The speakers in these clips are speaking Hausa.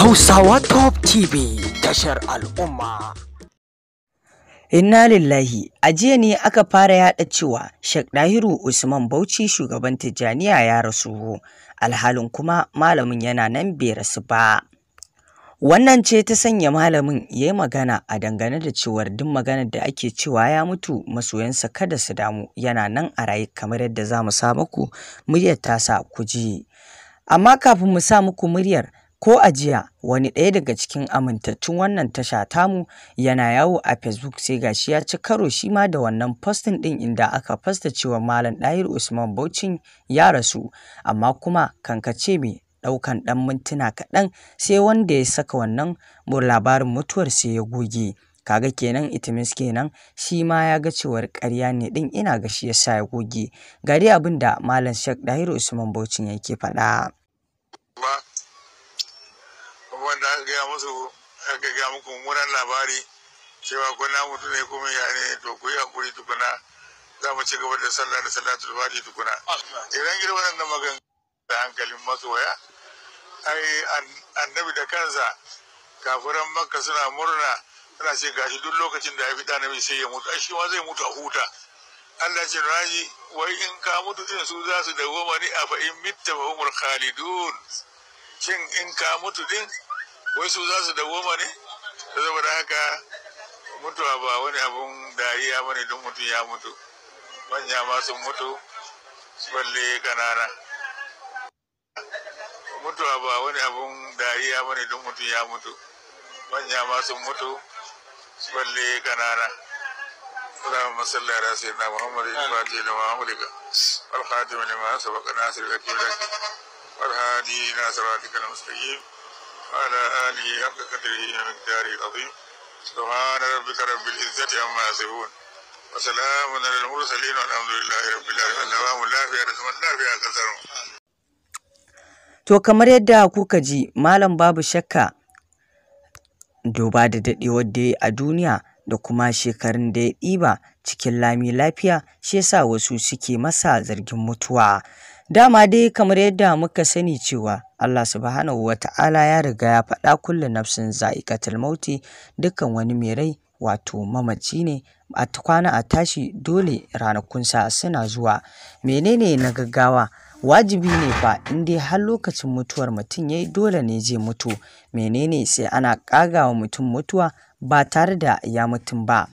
Hausawa Top TV tashar al'umma. Inna lillahi, a jiya ne aka fara yaɗa cewa Sheikh Dahiru Usman Bauchi shugaban Tijjaniya ya rasu, alhalin kuma malamin yana nan bai rasu ba. Wannan ce ta sanya malamin ya yi magana a dangane da cewar duk maganar da ake cewa ya mutu masoyansa kada su damu yana nan a rayu kamar yadda za mu sa muku muryar tasa ku ji. Amma kafin mu sa muku muryar Ko a jiya, wani ɗaya daga cikin amintattun wannan tasha tamu yana yawo a Facebook sai ga shi ya ci karo shi ma da wannan postin ɗin inda aka fasta cewa Malam Ɗahir Usman Baucin ya rasu, amma kuma kankace mai ɗaukan ɗan mintuna kaɗan sai wanda ya saka wannan labarin mutuwar sai ya goge. kaga kenan itimis kenan shi ma ya ga cewar ƙarya ne din ina ga shi ya sa ya goge Gari abinda malam shek ɗahir Usman Bauchin yake faɗa. abubuwan da aka gaya musu aka gaya muku mummunan labari cewa ko na mutu ne ko ya ne to ku yi hakuri tukuna za mu ci gaba da sallah da salatul fati tukuna idan irin waɗannan magana da hankalin masoya ai annabi da kansa kafiran makka suna murna suna ce gashi duk lokacin da ya fi ɗanabi sai ya mutu ai shi ma zai mutu a huta Allah ce raji wai in ka mutu din su za su dawoma ni a fa'in mitta fa umul khalidun shin in ka mutu din wai su za su dawoma ne da saboda haka mutuwa ba wani abun dariya ya ne don mutum ya mutu manya ma sun mutu balle kanana mutuwa ba wani abun dariya ya ne don mutum ya mutu manya ma sun mutu balle kanana اللهم صل على سيدنا محمد الفاتح لما أغلق والخاتم لما سبق ناصر لك والهادي إلى صراطك المستقيم وعلى آله حق قدره ومقداره العظيم سبحان ربك رب العزة عما يصفون وسلام على المرسلين والحمد لله رب العالمين اللهم لا في رسم لا في أكثر To kamar yadda kuka ji malam babu shakka duba da daɗewar wadda a duniya da kuma shekarun da ya ɗiba cikin lami lafiya shi yasa wasu suke masa zargin mutuwa Dama dai kamar yadda muka sani cewa Allah subhanahu wa ta'ala ya riga ya faɗa kulle nafsin za'iqatul mauti dukkan wani mai rai wato mamaci ne a kwana a tashi dole ranakunsa suna zuwa menene na gaggawa wajibi ne fa in dai har lokacin mutuwar mutum yayi dole ne zai mutu menene sai ana kagawa mutum mutuwa ba tare da ya mutum ba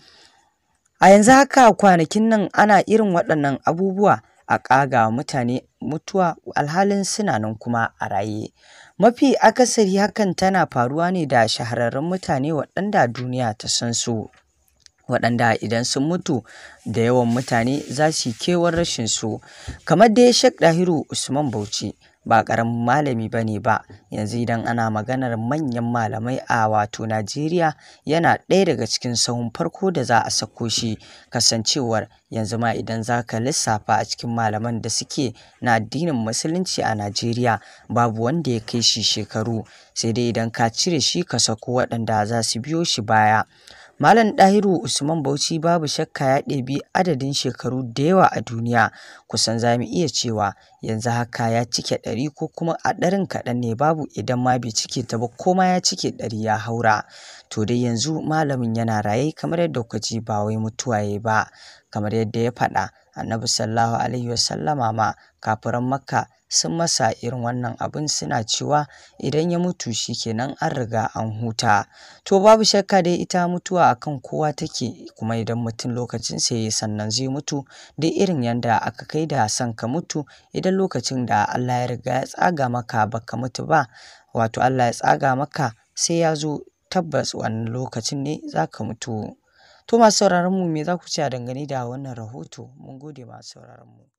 a yanzu haka kwanakin nan ana irin waɗannan abubuwa a ƙaga mutane mutuwa alhalin suna nan kuma a raye. Mafi akasari hakan tana faruwa ne da shahararrun mutane waɗanda duniya ta san su. waɗanda idan sun mutu da yawan mutane za su yi kewar rashin su kamar dai Sheikh Dahiru Usman Bauchi ba ƙaramin malami ba ne ba yanzu idan ana maganar manyan malamai a wato Najeriya yana ɗaya daga cikin sahun farko da za a sako shi kasancewar yanzu ma idan za ka lissafa a cikin malaman da suke na addinin musulunci a Najeriya babu wanda ya kai shi shekaru sai dai idan ka cire shi ka sako waɗanda za su biyo shi baya. Malam Dahiru Usman Bauchi babu shakka ya ɗebi adadin shekaru da yawa a duniya kusan za mu iya cewa yanzu haka ya cike ɗari ko kuma a ɗarin kaɗan ne babu idan ma bai cike ta ba koma ya cike ɗari ya haura to dai yanzu malamin yana raye kamar yadda kuka ji ba wai mutuwa ya ba kamar yadda ya faɗa annabi sallallahu alaihi wasallama ma kafiran makka sun masa irin wannan abin suna cewa idan ya mutu shi kenan an riga an huta to babu shakka dai ita mutuwa akan kowa take kuma idan mutum lokacin sai sannan zai mutu duk irin yadda aka kai da san ka mutu idan daidai lokacin da Allah ya riga ya tsaga maka baka mutu ba, wato Allah ya tsaga maka sai ya zo tabbas wannan lokacin ne za ka mutu. To masu sauraron mu me za ku ce a dangane da wannan rahoto? Mun gode masu sauraron mu.